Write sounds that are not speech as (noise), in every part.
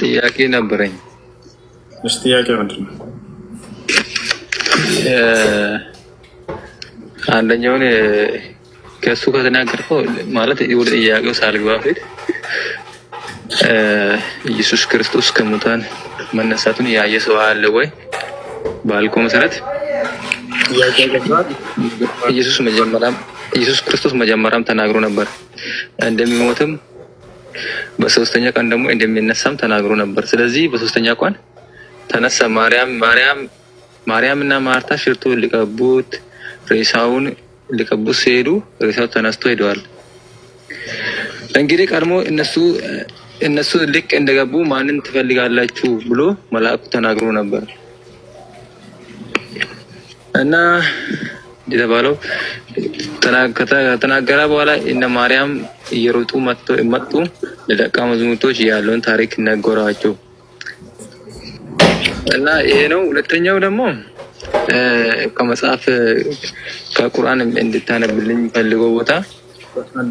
ጥያቄ ነበረኝ። እሺ፣ ጥያቄ ምንድን ነው? አንደኛውን ከእሱ ከተናገርከው ማለት ወደ ጥያቄው ሳልግባ ፊት ኢየሱስ ክርስቶስ ከሙታን መነሳቱን ያየ ሰው አለ ወይ ባልኩ መሰረት ኢየሱስ መጀመሪያም ኢየሱስ ክርስቶስ መጀመሪያም ተናግሮ ነበር እንደሚሞትም በሶስተኛ ቀን ደግሞ እንደሚነሳም ተናግሮ ነበር። ስለዚህ በሶስተኛ ቀን ተነሳ። ማርያም ማርያም ማርያም እና ማርታ ሽርቱ ሊቀቡት ሬሳውን ሊቀቡት ሲሄዱ ሬሳው ተነስቶ ሄደዋል። እንግዲህ ቀድሞ እነሱ እነሱ ልክ እንደገቡ ማንን ትፈልጋላችሁ ብሎ መልአኩ ተናግሮ ነበር እና የተባለው ከተናገረ በኋላ እነ ማርያም እየሮጡ መጡ ለደቀ መዛሙርቶች ያለውን ታሪክ ነገሯቸው እና ይሄ ነው። ሁለተኛው ደግሞ ከመጽሐፍ ከቁርአን እንድታነብልኝ ፈልገው ቦታ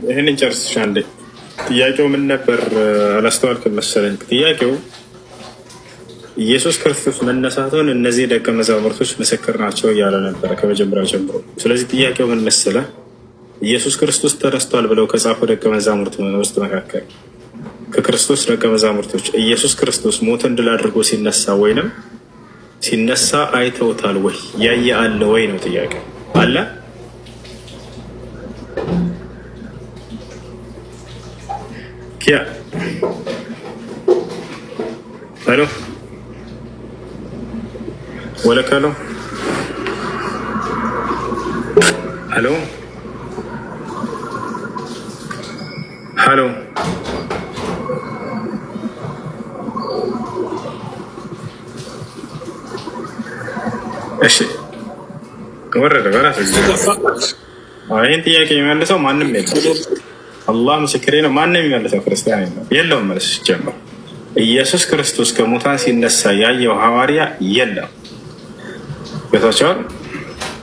ይህን ጨርስሻለ። ጥያቄው ምን ነበር? አላስተዋልክም መሰለኝ። ጥያቄው ኢየሱስ ክርስቶስ መነሳቱን እነዚህ ደቀ መዛሙርቶች ምስክር ናቸው እያለ ነበረ ከመጀመሪያው ጀምሮ። ስለዚህ ጥያቄው ምን መሰለ? ኢየሱስ ክርስቶስ ተነስቷል ብለው ከጻፉ ደቀ መዛሙርት ውስጥ መካከል ከክርስቶስ ደቀ መዛሙርቶች ኢየሱስ ክርስቶስ ሞትን ድል አድርጎ ሲነሳ ወይንም ሲነሳ አይተውታል ወይ? ያየ አለ ወይ ነው ጥያቄ። አለ ያ ሄሎ ወለከ ሄሎ ሄሎ እሺ ወረደ በራሱ ይህን ጥያቄ የሚመልሰው ማንም የለም። አላህ ምስክሬ ነው። ማንም የሚመልሰው ክርስቲያን የለም፣ የለውም መልስ ኢየሱስ ክርስቶስ ከሙታን ሲነሳ ያየው ሐዋርያ የለም። ቤታቸውን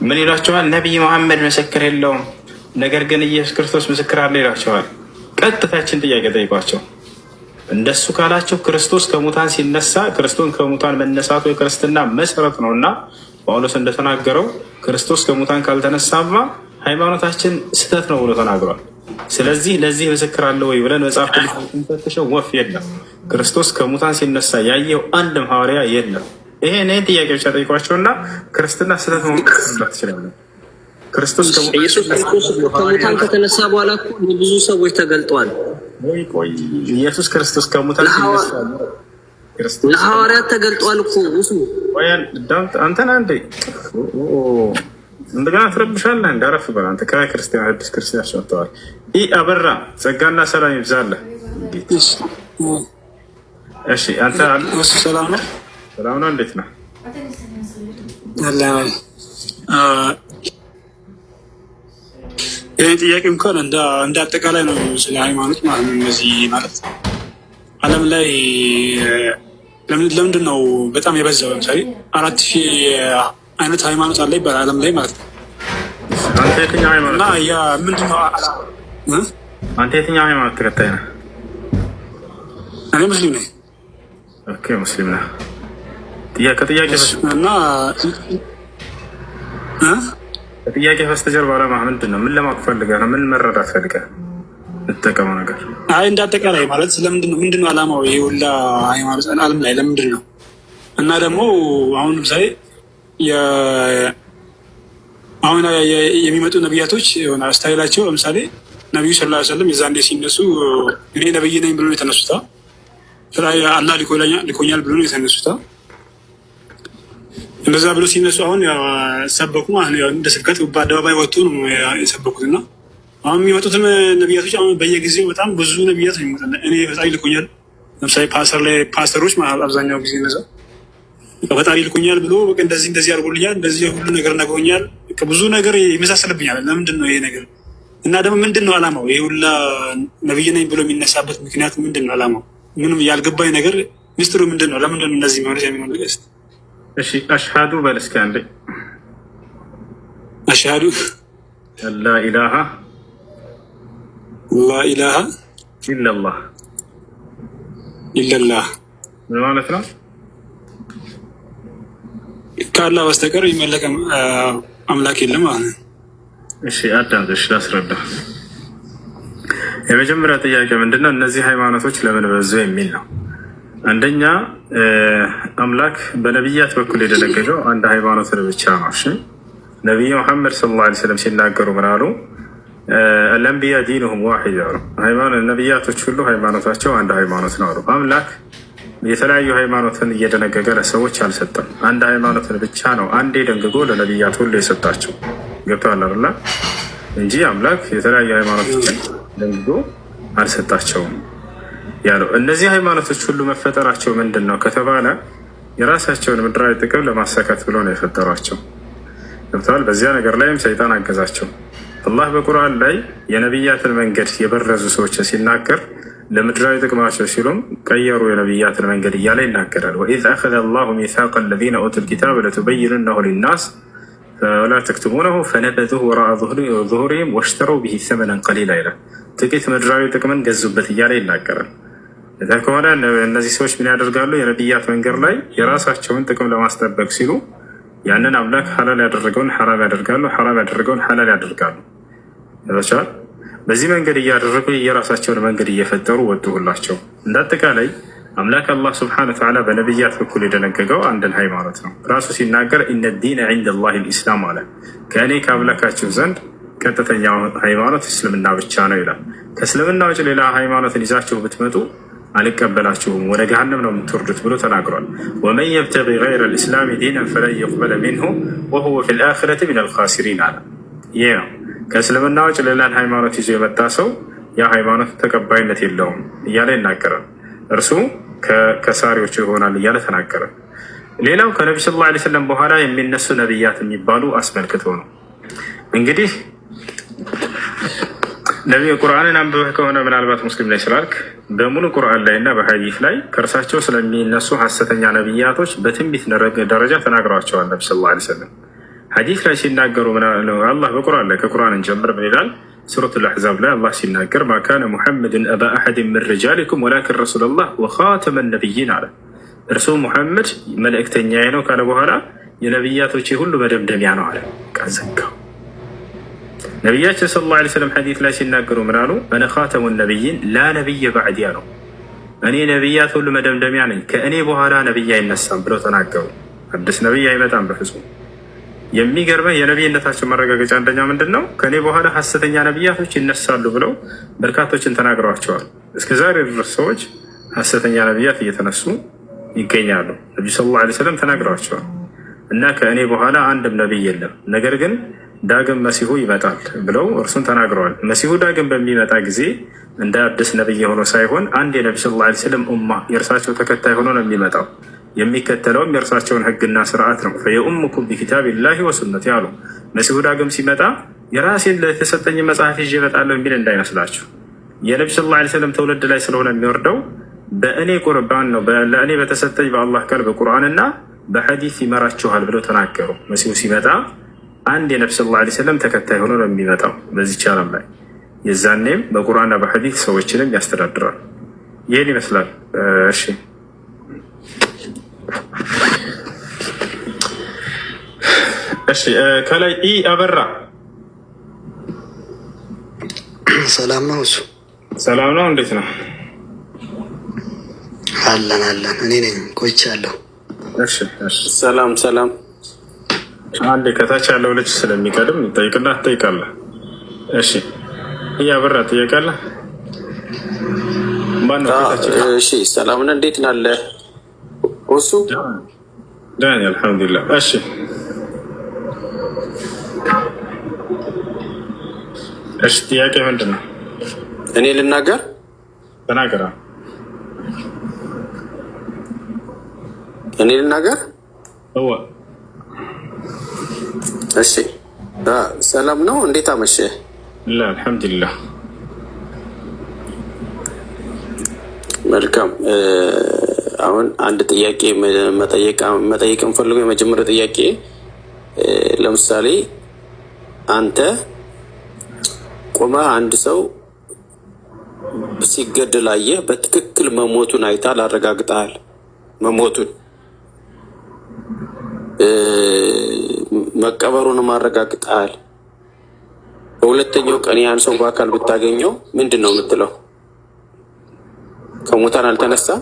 ምን ይሏቸዋል? ነቢይ መሐመድ ምስክር የለውም፣ ነገር ግን ኢየሱስ ክርስቶስ ምስክር አለ ይሏቸዋል። ቀጥታችን ጥያቄ ጠይቋቸው። እንደሱ ካላቸው ክርስቶስ ከሙታን ሲነሳ ክርስቶን ከሙታን መነሳቱ የክርስትና መሰረት ነው እና ጳውሎስ እንደተናገረው ክርስቶስ ከሙታን ካልተነሳማ ሃይማኖታችን ስህተት ነው ብሎ ተናግሯል። ስለዚህ ለዚህ ምስክር አለ ወይ ብለን መጽሐፍ ፈትሸው ወፍ የለም። ክርስቶስ ከሙታን ሲነሳ ያየው አንድም ሐዋርያ የለም። ይሄ እኔን ጥያቄ ብቻ ጠይቋቸውና ክርስትና ስህተት መሆኑን ትችላለን። ክርስቶስ ከሙታን ከተነሳ በኋላ ብዙ ሰዎች ተገልጧል። ቆይ ኢየሱስ ክርስቶስ ከሙታን ሲነሳ ለሐዋርያት ተገልጧል እኮ ውሱ አንተን አንዴ እንደገና ትረብሻለህ። እንደ አረፍ በል አንተ ከላይ ክርስቲያን አዲስ ክርስቲያን ሰጥተዋል። አበራ ጸጋና ሰላም ይብዛለህ። እሺ አንተ ሰላም ነው ሰላም ነው። እንዴት ጥያቄ እንኳን እንደ አጠቃላይ ነው ስለ ሃይማኖት ማለት ነው እነዚህ ማለት ዓለም ላይ ለምንድን ነው በጣም የበዛው? ለምሳሌ አራት ሺህ አይነት ሃይማኖት አለ ይባል ዓለም ላይ ማለት ነው። የትኛው ሃይማኖት እና ነው? ተከታይ ነህ? እኔ ሙስሊም ነኝ። ኦኬ ሙስሊም ነህ። ከጥያቄ እና ከጥያቄ በስተጀርባ ዓላማ ምንድን ነው? ምን ለማወቅ ፈልገህ ነው? ምን መረዳት ፈልገህ ነው? እጠቀመው ነገር አይ እንደ ማለት ስለምንድን ነው ምንድን ነው ዓላማው ይሄ ሁላ ሃይማኖት አለም ላይ ለምንድን ነው? እና ደግሞ አሁን ለምሳሌ አሁን የሚመጡ ነቢያቶች ሆነ ስታይላቸው ለምሳሌ ነቢዩ ስላ ስለም የዛ እንዴ ሲነሱ እኔ ነብይ ነኝ ብሎ ነው የተነሱታ። አላ ሊኮኛል ብሎ የተነሱታ። እንደዛ ብሎ ሲነሱ አሁን ሰበኩ እንደ ስብከት በአደባባይ ወጥቶ ነው የሰበኩት እና አሁን የሚመጡትን ነቢያቶች አሁን በየጊዜው በጣም ብዙ ነቢያት ነው የሚመጣ። እኔ ፈጣሪ ልኮኛል፣ ለምሳሌ ፓስተር ላይ ፓስተሮች አብዛኛው ጊዜ ነዛ ፈጣሪ ልኮኛል ብሎ እንደዚህ እንደዚህ አድርጎልኛል፣ እንደዚህ ሁሉ ነገር ነግሮኛል፣ ብዙ ነገር ይመሳሰልብኛል። ለምንድን ነው ይሄ ነገር እና ደግሞ ምንድን ነው አላማው? ይሄ ሁላ ነብይ ነኝ ብሎ የሚነሳበት ምክንያት ምንድን ነው አላማው? ምንም ያልገባኝ ነገር ሚስጥሩ ምንድን ነው? ለምንድን ነው እነዚህ መሆነት የሚሆን ልገስ እሺ፣ አሽሃዱ በል እስኪ አንዴ አሽሃዱ ላ ኢላሃ ላኢላሃ ኢለላህ ኢለላህ ምን ማለት ነው? ከአላህ በስተቀር የሚመለክ አምላክ የለም ማለት ነው። እሺ አዳምጥሽ ላስረዳ። የመጀመሪያ ጥያቄ ምንድነው? እነዚህ ሃይማኖቶች ለምን በዙ የሚል ነው። አንደኛ አምላክ በነቢያት በኩል የደነገገው አንድ ሃይማኖትን ብቻ ነው። እሺ ነቢዩ መሐመድ ሰለላሁ ዐለይሂ ወሰለም ሲናገሩ ምን አሉ? አልአንቢያ ዲንሁም ዋሂድ አሉ። ነቢያቶች ሁሉ ሃይማኖታቸው አንድ ሃይማኖት ነው አሉ። አምላክ የተለያዩ ሃይማኖትን እየደነገገ ለሰዎች አልሰጠም። አንድ ሃይማኖትን ብቻ ነው አንዴ ደንግጎ ለነቢያት ሁሉ የሰጣቸው። ገብተዋል አይደል? እንጂ አምላክ የተለያዩ ሃይማኖቶችን ደንግጎ አልሰጣቸውም ያለው። እነዚህ ሃይማኖቶች ሁሉ መፈጠራቸው ምንድን ነው ከተባለ የራሳቸውን ምድራዊ ጥቅም ለማሳካት ብሎ ነው የፈጠሯቸው። ገብተዋል። በዚያ ነገር ላይም ሰይጣን አገዛቸው። አላህ በቁርአን ላይ የነቢያትን መንገድ የበረዙ ሰዎች ሲናገር ለምድራዊ ጥቅማቸው ሲሉም ቀየሩ የነቢያትን መንገድ እያለ ይናገራል። ወኢዝ አኸዘ አላሁ ሚሳቀ አለዚነ ኡቱል ኪታበ ለቱበይኑነሁ ሊናስ ወላ ተክቱሙነሁ ፈነበዙሁ ወራአ ዙሁሪሂም ወሽተረው ቢሂ ሰመነን ቀሊላ ይላል። ጥቂት ምድራዊ ጥቅምን ገዙበት እያለ ይናገራል። እዛ ከሆነ እነዚህ ሰዎች ምን ያደርጋሉ? የነቢያት መንገድ ላይ የራሳቸውን ጥቅም ለማስጠበቅ ሲሉ ያንን አምላክ ሐላል ያደረገውን ሐራም ያደርጋሉ፣ ሐራም ያደረገውን ሐላል ያደርጋሉ። ይበቸዋል። በዚህ መንገድ እያደረጉ የራሳቸውን መንገድ እየፈጠሩ ወጡ ሁላቸው። እንደ አጠቃላይ አምላክ አላህ ስብሐነሁ ወተዓላ በነቢያት በኩል የደነገገው አንድን ሃይማኖት ነው። ራሱ ሲናገር ኢነ ዲነ ዒንደላሂ ልኢስላም አለ። ከእኔ ከአምላካችሁ ዘንድ ቀጥተኛ ሃይማኖት እስልምና ብቻ ነው ይላል። ከእስልምና ውጭ ሌላ ሃይማኖትን ይዛችሁ ብትመጡ አልቀበላችሁም፣ ወደ ገሃንም ነው የምትወርዱት ብሎ ተናግሯል። ወመን የብተቂ ገይረ ልእስላም ዲነን ፈለን የቅበለ ሚንሁ ወሁወ ፊ ልአክረት ሚን አልኻሲሪን አለ። ይህ ነው ከእስልምና ውጭ ሌላን ሃይማኖት ይዞ የመጣ ሰው ያ ሃይማኖት ተቀባይነት የለውም እያለ ይናገራል። እርሱ ከሳሪዎቹ ይሆናል እያለ ተናገረ። ሌላው ከነቢ ስ ላ ስለም በኋላ የሚነሱ ነቢያት የሚባሉ አስመልክቶ ነው። እንግዲህ ነቢ ቁርአንን አንብበህ ከሆነ ምናልባት ሙስሊም ላይ ስላልክ በሙሉ ቁርአን ላይ እና በሀዲት ላይ ከእርሳቸው ስለሚነሱ ሀሰተኛ ነቢያቶች በትንቢት ደረጃ ተናግረዋቸዋል ነቢ ስ ላ ስለም ሐዲስ ላይ ሲናገሩ አላህ በቁርአን ላይ ከቁርአን እንጀምር ምን ይላል? ሱረት አልአሕዛብ ላይ አላህ ሲናገር ማካነ ሙሐመድን አባ አሐድን ምን ሪጃሊኩም ወላኪን ረሱለላህ ወኻተመ ነቢይን አለ። እርሱ ሙሐመድ መልእክተኛዬ ነው ካለ በኋላ የነቢያቶቼ ሁሉ መደምደሚያ ነው አለ። ቃዘጋው ነቢያችን ሰለላሁ ዐለይሂ ወሰለም ሐዲስ ላይ ሲናገሩ ምን አሉ? አነ ኻተሙ ነቢይን ላ ነቢየ ባዕድያ ነው። እኔ ነቢያት ሁሉ መደምደሚያ ነኝ፣ ከእኔ በኋላ ነቢይ አይነሳም ብለው ተናገሩ። አዲስ ነቢይ አይመጣም በፍጹም የሚገርመህ የነቢይነታቸው መረጋገጫ አንደኛ ምንድን ነው? ከእኔ በኋላ ሀሰተኛ ነቢያቶች ይነሳሉ ብለው በርካቶችን ተናግረዋቸዋል። እስከ ዛሬ ድረስ ሰዎች ሀሰተኛ ነቢያት እየተነሱ ይገኛሉ። ነቢ ሰለላሁ ዓለይሂ ወሰለም ተናግረዋቸዋል እና ከእኔ በኋላ አንድም ነቢይ የለም፣ ነገር ግን ዳግም መሲሁ ይመጣል ብለው እርሱን ተናግረዋል። መሲሁ ዳግም በሚመጣ ጊዜ እንደ አዲስ ነቢይ ሆኖ ሳይሆን አንድ የነቢ ሰለላሁ ዓለይሂ ወሰለም ኡማ የእርሳቸው ተከታይ ሆኖ ነው የሚመጣው የሚከተለውም የእርሳቸውን ህግና ስርዓት ነው። ፈየኡምኩም ቢኪታቢላሂ ወሱነት ያሉ መሲሁ ዳግም ሲመጣ የራሴን ለተሰጠኝ መጽሐፍ ይዤ እመጣለሁ የሚል እንዳይመስላችሁ። የነቢ ስ ላ ሰለም ትውልድ ላይ ስለሆነ የሚወርደው በእኔ ቁርባን ነው። ለእኔ በተሰጠኝ በአላህ ቃል በቁርአንና በሐዲስ ይመራችኋል ብለው ተናገሩ። መሲሁ ሲመጣ አንድ የነቢ ስ ላ ሰለም ተከታይ ሆኖ ነው የሚመጣው በዚች ዓለም ላይ። የዛኔም በቁርአንና በሐዲስ ሰዎችንም ያስተዳድራል። ይህን ይመስላል። እሺ እሺ ከላይ ኢ አበራ ሰላም ነው። እሱ ሰላም ነው። እንዴት ነው? አለን አለን። እኔ ነኝ ቆይቻለሁ። ሰላም ሰላም። አንዴ ከታች ያለው ልጅ ስለሚቀድም ጠይቅና ትጠይቃለህ። እሺ ኢ አበራ ጥያቄ አለ። ሰላምን እንዴት ናለህ? እሱ ዳኒ አልሐምዱሊላህ። እሺ እሺ፣ ጥያቄ ምንድን ነው? እኔ ልናገር ተናገራ። እኔ ልናገር። እሺ፣ ሰላም ነው። እንዴት አመሸ አልሐምዱሊላህ። መልካም አሁን አንድ ጥያቄ መጠየቅ የምፈልገው የመጀመሪያ ጥያቄ ለምሳሌ አንተ ቆመህ አንድ ሰው ሲገደል አየህ። በትክክል መሞቱን አይታል፣ አረጋግጠሃል መሞቱን መቀበሩንም አረጋግጠሃል። በሁለተኛው ቀን ያን ሰው በአካል ብታገኘው ምንድን ነው የምትለው? ከሙታን አልተነሳም?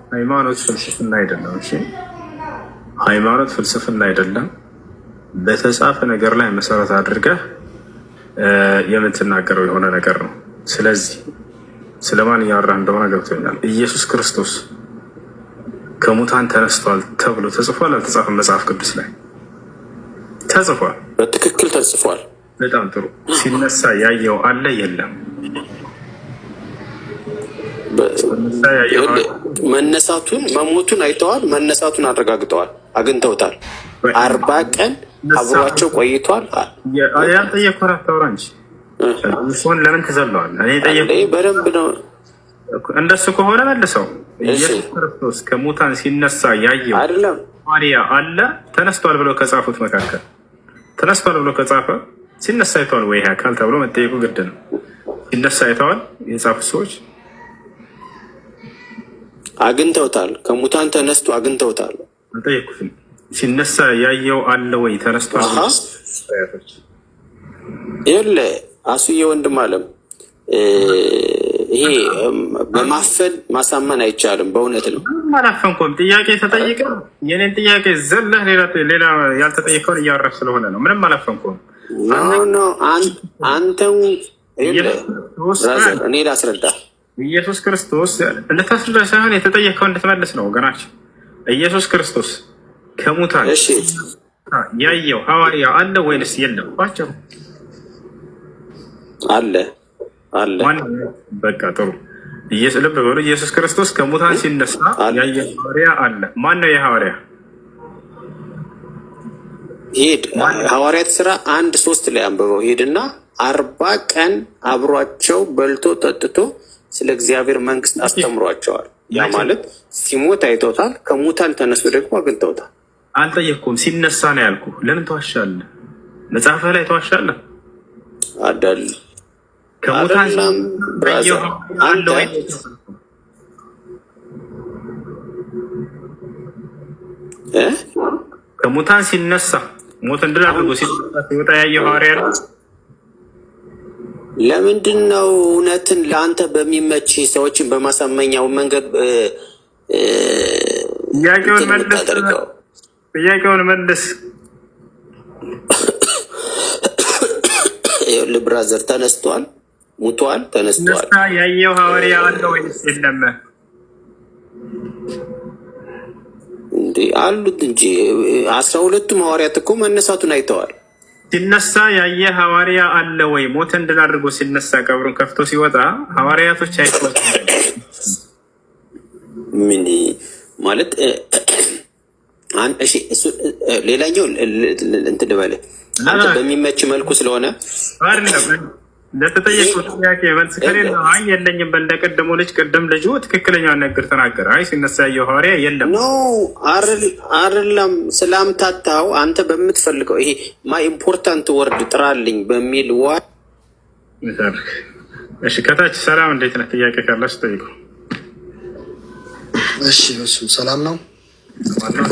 ሃይማኖት ፍልስፍና አይደለም። እሺ ሃይማኖት ፍልስፍና አይደለም። በተጻፈ ነገር ላይ መሰረት አድርገህ የምትናገረው የሆነ ነገር ነው። ስለዚህ ስለማን እያወራህ እንደሆነ ገብቶኛል። ኢየሱስ ክርስቶስ ከሙታን ተነስቷል ተብሎ ተጽፏል አልተጻፈም? መጽሐፍ ቅዱስ ላይ ተጽፏል። በትክክል ተጽፏል። በጣም ጥሩ። ሲነሳ ያየው አለ የለም? መነሳቱን መሞቱን አይተዋል። መነሳቱን አረጋግጠዋል፣ አግኝተውታል። አርባ ቀን አብሯቸው ቆይቷል። ያን ለምን ትዘለዋል? በደንብ ነው። እንደሱ ከሆነ መልሰው ኢየሱስ ክርስቶስ ከሙታን ሲነሳ ያየው አይደለም ማሪያ አለ ተነስቷል ብለው ከጻፉት መካከል ተነስቷል ብለው ከጻፈ ሲነሳ አይተዋል ወይ አካል ተብሎ መጠየቁ ግድ ነው። ሲነሳ አይተዋል የጻፉት ሰዎች አግኝተውታል። ከሙታን ተነስቶ አግኝተውታል። ሲነሳ ያየው አለ ወይ? ተነስቶ የለ አሱዬ ወንድም አለም ይሄ በማፈን ማሳመን አይቻልም። በእውነት ነው። አላፈንኩም። ጥያቄ ተጠይቀ የኔን ጥያቄ ዘለህ ሌላ ያልተጠየቀውን እያወራህ ስለሆነ ነው። ምንም አላፈንኩም። አንተን እኔ ላስረዳ ኢየሱስ ክርስቶስ ልታስረዳ ሳይሆን የተጠየቀው እንድትመልስ ነው ወገናችን። ኢየሱስ ክርስቶስ ከሙታን ያየው ሐዋርያ አለ ወይንስ የለም? አለ አለ። በቃ ጥሩ ልብ በሉ። ኢየሱስ ክርስቶስ ከሙታን ሲነሳ ያየው ሐዋርያ አለ። ማን ነው የሐዋርያ? ሂድ ሐዋርያት ስራ አንድ ሶስት ላይ አንብበው ሂድና አርባ ቀን አብሯቸው በልቶ ጠጥቶ ስለ እግዚአብሔር መንግስት አስተምሯቸዋል። ያ ማለት ሲሞት አይተውታል፣ ከሙታን ተነሱ ደግሞ አግኝተውታል። አልጠየቅኩም። ሲነሳ ነው ያልኩ። ለምን ተዋሻለ መጽሐፈ ላይ ተዋሻለ አዳል ከሙታን ሲነሳ ሞት እንድል አድርጎ ሲወጣ ያየ ሐዋርያ ነው። ለምንድን ነው እውነትን ለአንተ በሚመች ሰዎችን በማሳመኛው መንገድ ጥያቄውን መልስ። ልብራዘር ተነስቷል፣ ሙቷል፣ ተነስቷል። ያየው ሐዋርያ አለ ወይስ የለም? እንዲህ አሉት እንጂ አስራ ሁለቱም ሐዋርያት እኮ መነሳቱን አይተዋል። ሲነሳ ያየ ሐዋርያ አለ ወይ? ሞተን ድል አድርጎ ሲነሳ ቀብሩን ከፍቶ ሲወጣ ሐዋርያቶች አይ ምን ማለት ሌላኛው እንትን በሚመች መልኩ ስለሆነ ለተጠየቁት ጥያቄ መልስ ከሌለ አይ የለኝም በእንደ ቅድሙ ልጅ ቅድም ልጁ ትክክለኛውን ነገር ተናገረ። አይ ሲነሳ ያየው ሐዋርያ የለም ኖ አይደለም። ስላምታታው አንተ በምትፈልገው ይሄ ማይ ኢምፖርታንት ወርድ ጥራልኝ በሚል ዋ እሺ፣ ከታች ሰላም እንዴት ነህ? ጥያቄ ካላችሁ ጠይቁ። እሺ፣ እሱ ሰላም ነው።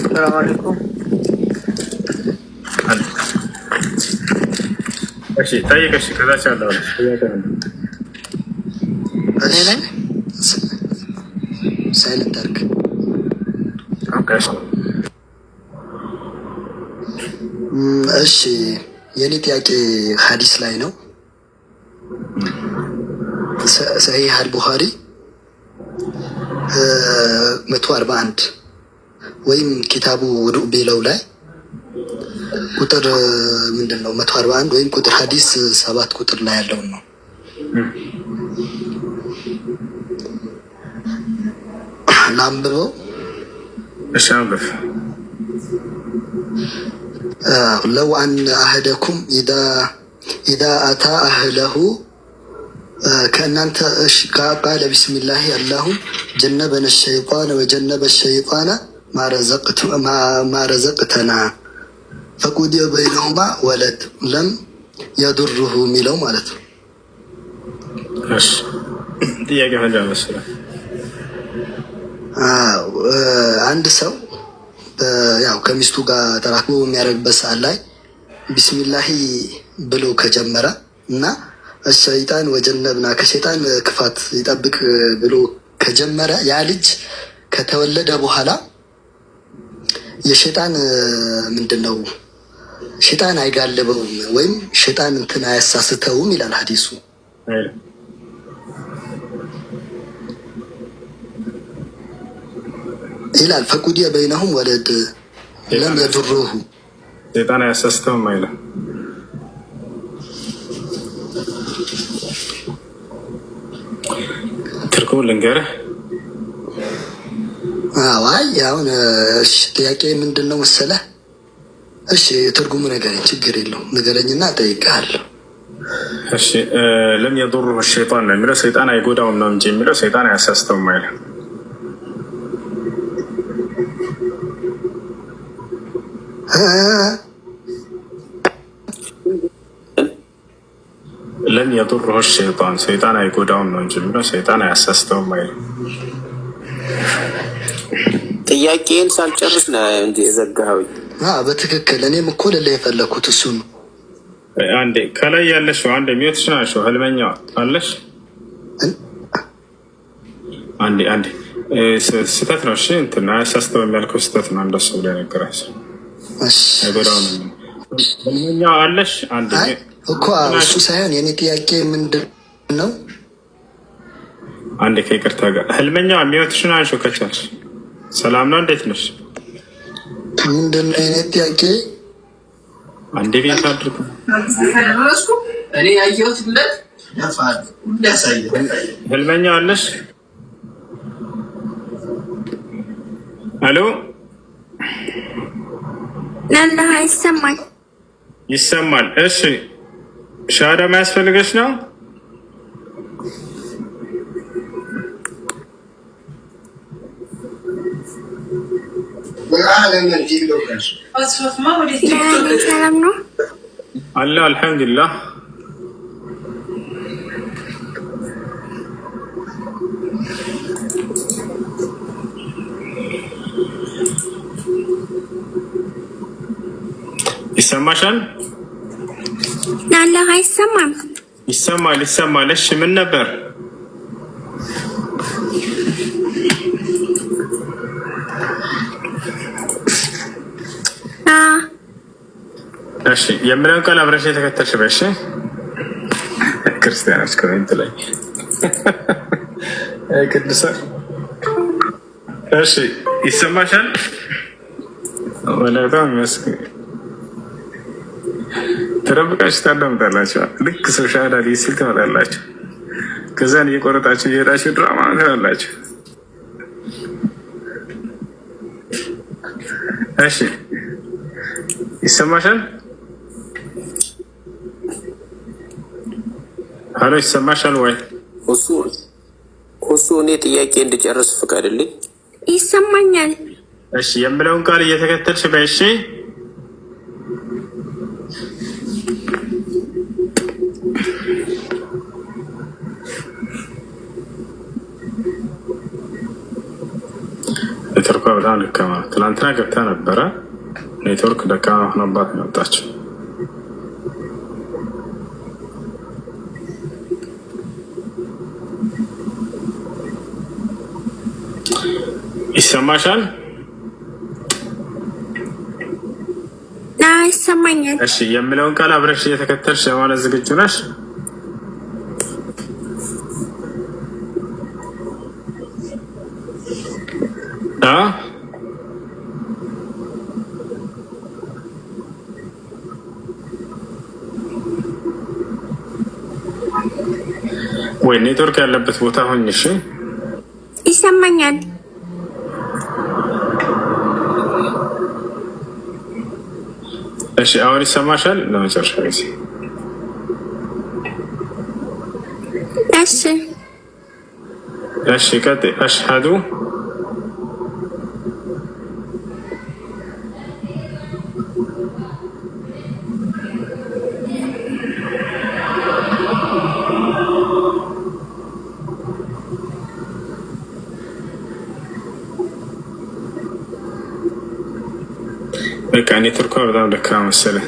ሰላም አለይኩም ጠይቀሽ ከዛች ያለው እሺ የኔ ጥያቄ ሀዲስ ላይ ነው። ሰሂህ አልቡኻሪ መቶ አርባ አንድ ወይም ኪታቡ ውዱእ ቢለው ላይ ቁጥር ምንድን ነው መቶ አርባ አንድ ወይም ቁጥር ሀዲስ ሰባት ቁጥር ላይ ያለውን ነው። ላንብበው። ለው አን አህደኩም ኢዳ አታ አህለሁ ከእናንተ ቃለ ቢስሚላሂ አላሁ ጀነበነ ሸይጣን ወጀነበ ሸይጣነ ማረዘቅተና ፈቁድ በይነውማ ወለድ ለም የዱርሁ የሚለው ማለት ነው። ጥያቄ አንድ ሰው ያው ከሚስቱ ጋር ተራክቦ በሚያደርግበት ሰዓት ላይ ቢስሚላሂ ብሎ ከጀመረ እና ሸይጣን ወጀነብና ከሸይጣን ክፋት ይጠብቅ ብሎ ከጀመረ ያ ልጅ ከተወለደ በኋላ የሸይጣን ምንድን ነው ሽጣን አይጋልበውም ወይም ሽጣን እንትን አያሳስተውም ይላል ሀዲሱ። ይላል ፈቁድየ በይነሁም ወለድ ለም የድሩሁ ሴጣን አያሳስተውም አይልም። ትርጉም ልንገርህ። አይ አሁን ጥያቄ ምንድን ነው መሰለህ እሺ የትርጉሙ ነገር ችግር የለውም ንገረኝና እጠይቅሃለሁ። እሺ ለም የዱሩ ሸይጣን ነው የሚለው ሰይጣን አይጎዳውም ነው እንጂ የሚለው ሰይጣን አያሳስተውም አይልም። ለም የዱሩ ሸይጣን ሰይጣን አይጎዳውም ነው እንጂ የሚለው ሰይጣን አያሳስተውም አይልም። ጥያቄን ሳልጨርስ ነው እንዲ የዘጋኸው። በትክክል እኔም እኮ ልልህ የፈለግኩት እሱ ነው። አንዴ ከላይ ያለሽ አንዴ ሚወትሽ ናቸው ህልመኛ አለሽ አንዴ አንዴ ስህተት ነው። እሺ እንትን አያሳስተውም ያልከው ስህተት ነው። እንደሱ ብለህ ነገርሽ ህልመኛዋ አለሽ እኮ እሱ ሳይሆን የኔ ጥያቄ ምንድን ነው? አንዴ ከይቅርታ ጋር ህልመኛ የሚወትሽ ናቸው ከቻልሽ ሰላም ነው። እንዴት ነሽ? ምንድን አይነት ጥያቄ አንዴ ቤት አድርጉ። እኔ ያየሁት ብለት ህልመኛ አለሽ? አሎ ለላ ይሰማል፣ ይሰማል። እሺ ሻዳ ማያስፈልገች ነው ሰላም ነው አለ። አልሐምዱሊላህ ይሰማሻል? አለ አይሰማም? ይሰማል፣ ይሰማል። እሺ ምን ነበር እሺ የምለው ቃል አብረሽ የተከተልሽ በሽ ክርስቲያኖች ኮሜንት ላይ (laughs) ቅዱሳን፣ እሺ ይሰማሻል? በጣም ይመስገን። ተደብቃችሁ ታዳምጣላችሁ። ልክ ሶሻል አዲ ሲል ትመጣላችሁ። ከዛን እየቆረጣችሁ እየሄዳችሁ ድራማ ትላላችሁ። እሺ ይሰማሻል? አሎ ይሰማሻል ወይ? እሱ እሱ እኔ ጥያቄ እንድጨርስ ፍቀድልኝ። ይሰማኛል። እሺ የምለውን ቃል እየተከተልሽ በእሺ ኔትወርኳ በጣም ትላንትና ገብታ ነበረ። ኔትወርክ ደካማ ሆኖባት ነው የወጣችው። ይሰማሻል? ይሰማኛል። እሺ የምለውን ቃል አብረሽ እየተከተልሽ ለማለት ዝግጁ ነሽ? ወይ ኔትወርክ ያለበት ቦታ ሆኝ። ይሰማኛል። እሺ አሁን ይሰማሻል? ለመጨረሻ ጊዜ እሺ እሺ ቀጥ አሽሃዱ ኔትወርኳ በጣም ደካማ መሰለህ።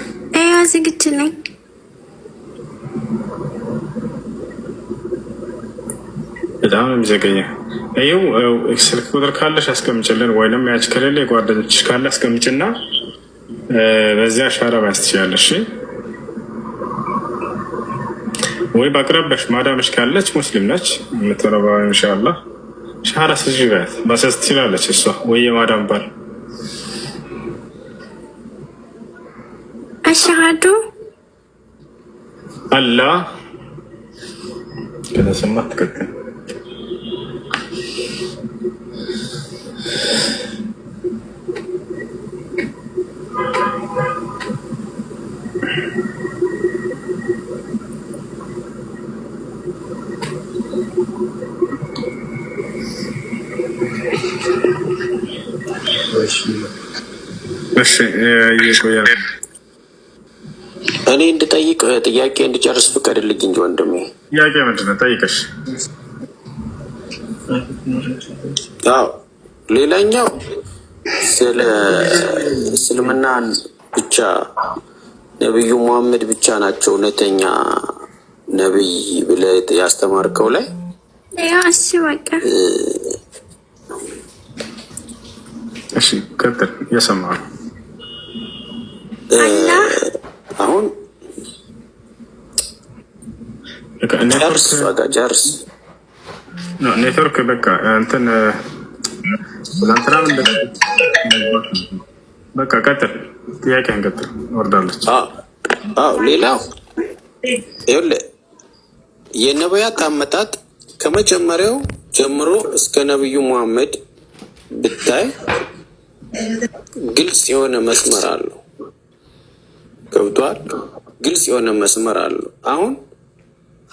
ዝግጅ ነኝ። በጣም ነው የሚዘገየው። ይኸው ስልክ ቁጥር ካለሽ አስቀምጭልን፣ ወይም ያች ከሌለ የጓደኞችሽ ካለ አስቀምጭና በዚያ ሻራ አሻራ ባያስትችላለሽ ወይ በአቅራቢያሽ ማዳምሽ ካለች ሙስሊም ነች የምትረባ ኢንሻላህ ሻራ ስጅ በያት ባሰስ ትችላለች እሷ ወይ የማዳም ባል الشهادة الله كذا سمعت كده እሺ እሺ ጥያቄ እንድጨርስ ፍቀድልኝ እንጂ ወንድሜ። ጥያቄ ምንድን ነው? ጠይቀሽ። አዎ ሌላኛው ስለ እስልምናን ብቻ ነቢዩ ሙሐመድ ብቻ ናቸው እውነተኛ ነቢይ ብለህ ያስተማርከው ላይ እሺ፣ ቀጥል። የሰማኸው አሁን ጨርስ። ኔትወርክ በቃ እንትን በቃ ቀጥል፣ ወርዳለች። ሌላው የነቢያት አመጣጥ ከመጀመሪያው ጀምሮ እስከ ነቢዩ መሐመድ ብታይ ግልጽ የሆነ መስመር አለው። ገብቷል። ግልጽ የሆነ መስመር አለው አሁን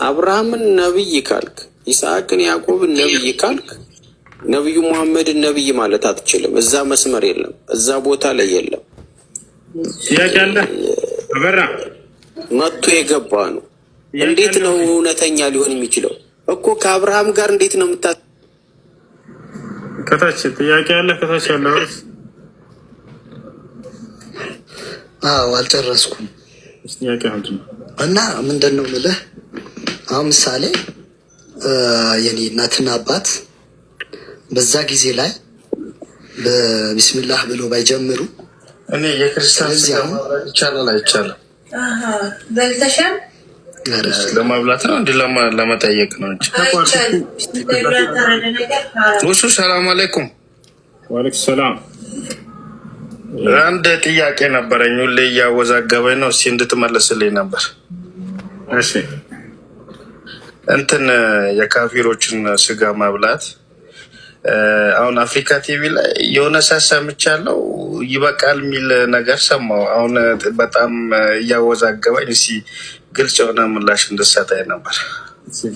አብርሃምን ነብይ ካልክ፣ ይስሐቅን ያዕቆብን ነብይ ካልክ ነብዩ ሙሐመድን ነብይ ማለት አትችልም። እዛ መስመር የለም፣ እዛ ቦታ ላይ የለም። መጥቶ የገባ ነው። እንዴት ነው እውነተኛ ሊሆን የሚችለው? እኮ ከአብርሃም ጋር እንዴት ነው ምታ ከታች ጥያቄ አለ ከታች ያለ አዎ፣ አልጨረስኩም እና ምንድን ነው ምልህ አሁን ምሳሌ የኔ እናትና አባት በዛ ጊዜ ላይ በቢስሚላህ ብሎ ባይጀምሩ እኔ የክርስቲያን ስጋ ይቻላል አይቻልም? በልተሻል ለማብላት ነው እንዲ ለመጠየቅ ነው እንጂ። ሰላም አለይኩም። ዋሌኩም ሰላም። አንድ ጥያቄ ነበረኝ፣ ሁሌ እያወዛገበኝ ነው። እስኪ እንድትመለስልኝ ነበር። እሺ እንትን የካፊሮችን ስጋ መብላት አሁን አፍሪካ ቲቪ ላይ የሆነ ሰምቻለሁ፣ ይበቃል የሚል ነገር ሰማሁ። አሁን በጣም እያወዛገባኝ፣ እስኪ ግልጽ የሆነ ምላሽ እንድትሰጠኝ ነበር።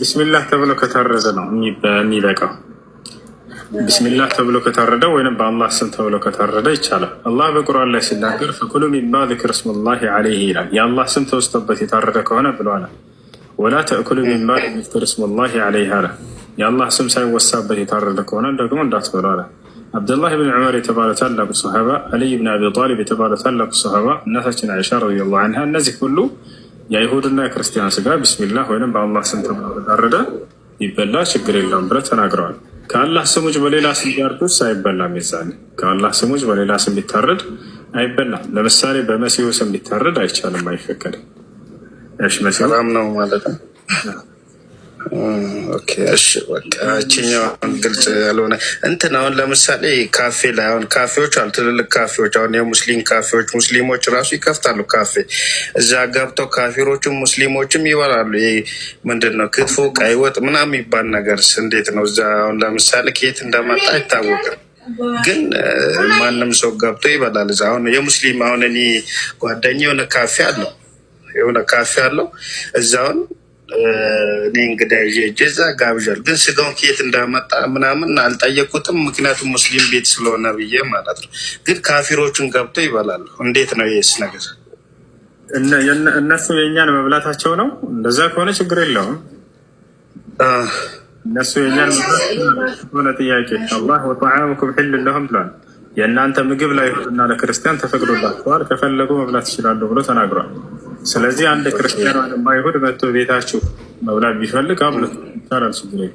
ቢስሚላህ ተብሎ ከታረዘ ነው የሚበቃው። ቢስሚላህ ተብሎ ከታረደ ወይም በአላህ ስም ተብሎ ከታረደ ይቻላል። አላህ በቁርአን ላይ ሲናገር ፈኩሉ ሚማ ዚክር ስሙላሂ ዐለይሂ ይላል። የአላህ ስም ተወስቶበት የታረደ ከሆነ ብለዋል። ወላ ተእኩሉ ሚማ ዩዝከሩ ስሙላሂ ዐለይህ አለ። የአላህ ስም ሳይወሳበት የታረደ ከሆነ ደግሞ እንዳትበሉ አለ። አብደላህ ብን ዑመር የተባለ ታላቁ ሰሓባ፣ አልይ ብን አቢ ጣሊብ የተባለ ታላቁ ሰሓባ፣ እናታችን አይሻ ረዲየላሁ አንሃ እነዚህ ሁሉ የአይሁድና የክርስቲያን ስጋ ቢስሚላህ ወይም በአላህ ስም ታረደ ይበላ ችግር የለውም ብለ ተናግረዋል። ከአላህ ስም በሌላ ስም ቢያርዱስ አይበላም። ይዛል ከአላህ ስም በሌላ ስም ቢታረድ አይበላም። ለምሳሌ በመሲሁ ስም ቢታረድ አይቻልም፣ አይፈቀድም። ሰላም ነው ማለት ነው። እሺ በቃ ግልጽ ያልሆነ እንትን አሁን ለምሳሌ ካፌ ላይ አሁን ካፌዎች አሉ፣ ትልልቅ ካፌዎች አሁን የሙስሊም ካፌዎች ሙስሊሞች ራሱ ይከፍታሉ ካፌ። እዛ ገብተው ካፊሮችም ሙስሊሞችም ይበላሉ። ይሄ ምንድን ነው ክትፎ፣ ቀይ ወጥ ምናምን የሚባል ነገር እንዴት ነው? እዛ አሁን ለምሳሌ ከየት እንደመጣ አይታወቅም። ግን ማንም ሰው ገብቶ ይበላል እዛ። አሁን የሙስሊም አሁን እኔ ጓደኛ የሆነ ካፌ አለው የሆነ ካፌ አለው እዛውን እኔ እንግዳ ይዤ እዛ ጋብዣል። ግን ስጋውን ከየት እንዳመጣ ምናምን አልጠየቁትም፣ ምክንያቱም ሙስሊም ቤት ስለሆነ ብዬ ማለት ነው። ግን ካፊሮቹን ገብቶ ይበላሉ። እንዴት ነው ይህስ ነገር? እነሱ የእኛን መብላታቸው ነው። እንደዛ ከሆነ ችግር የለውም። እነሱ የእኛን ሆነ ጥያቄ አላህ ወጣዓሙኩም ሕል ለሁም ብሏል። የእናንተ ምግብ ላይ እና ለክርስቲያን ተፈቅዶላቸዋል፣ ከፈለጉ መብላት ይችላሉ ብሎ ተናግሯል። ስለዚህ አንድ ክርስቲያን አይሁድ መጥቶ ቤታችሁ መብላት ቢፈልግ አብሎ ይቻላል። ችግር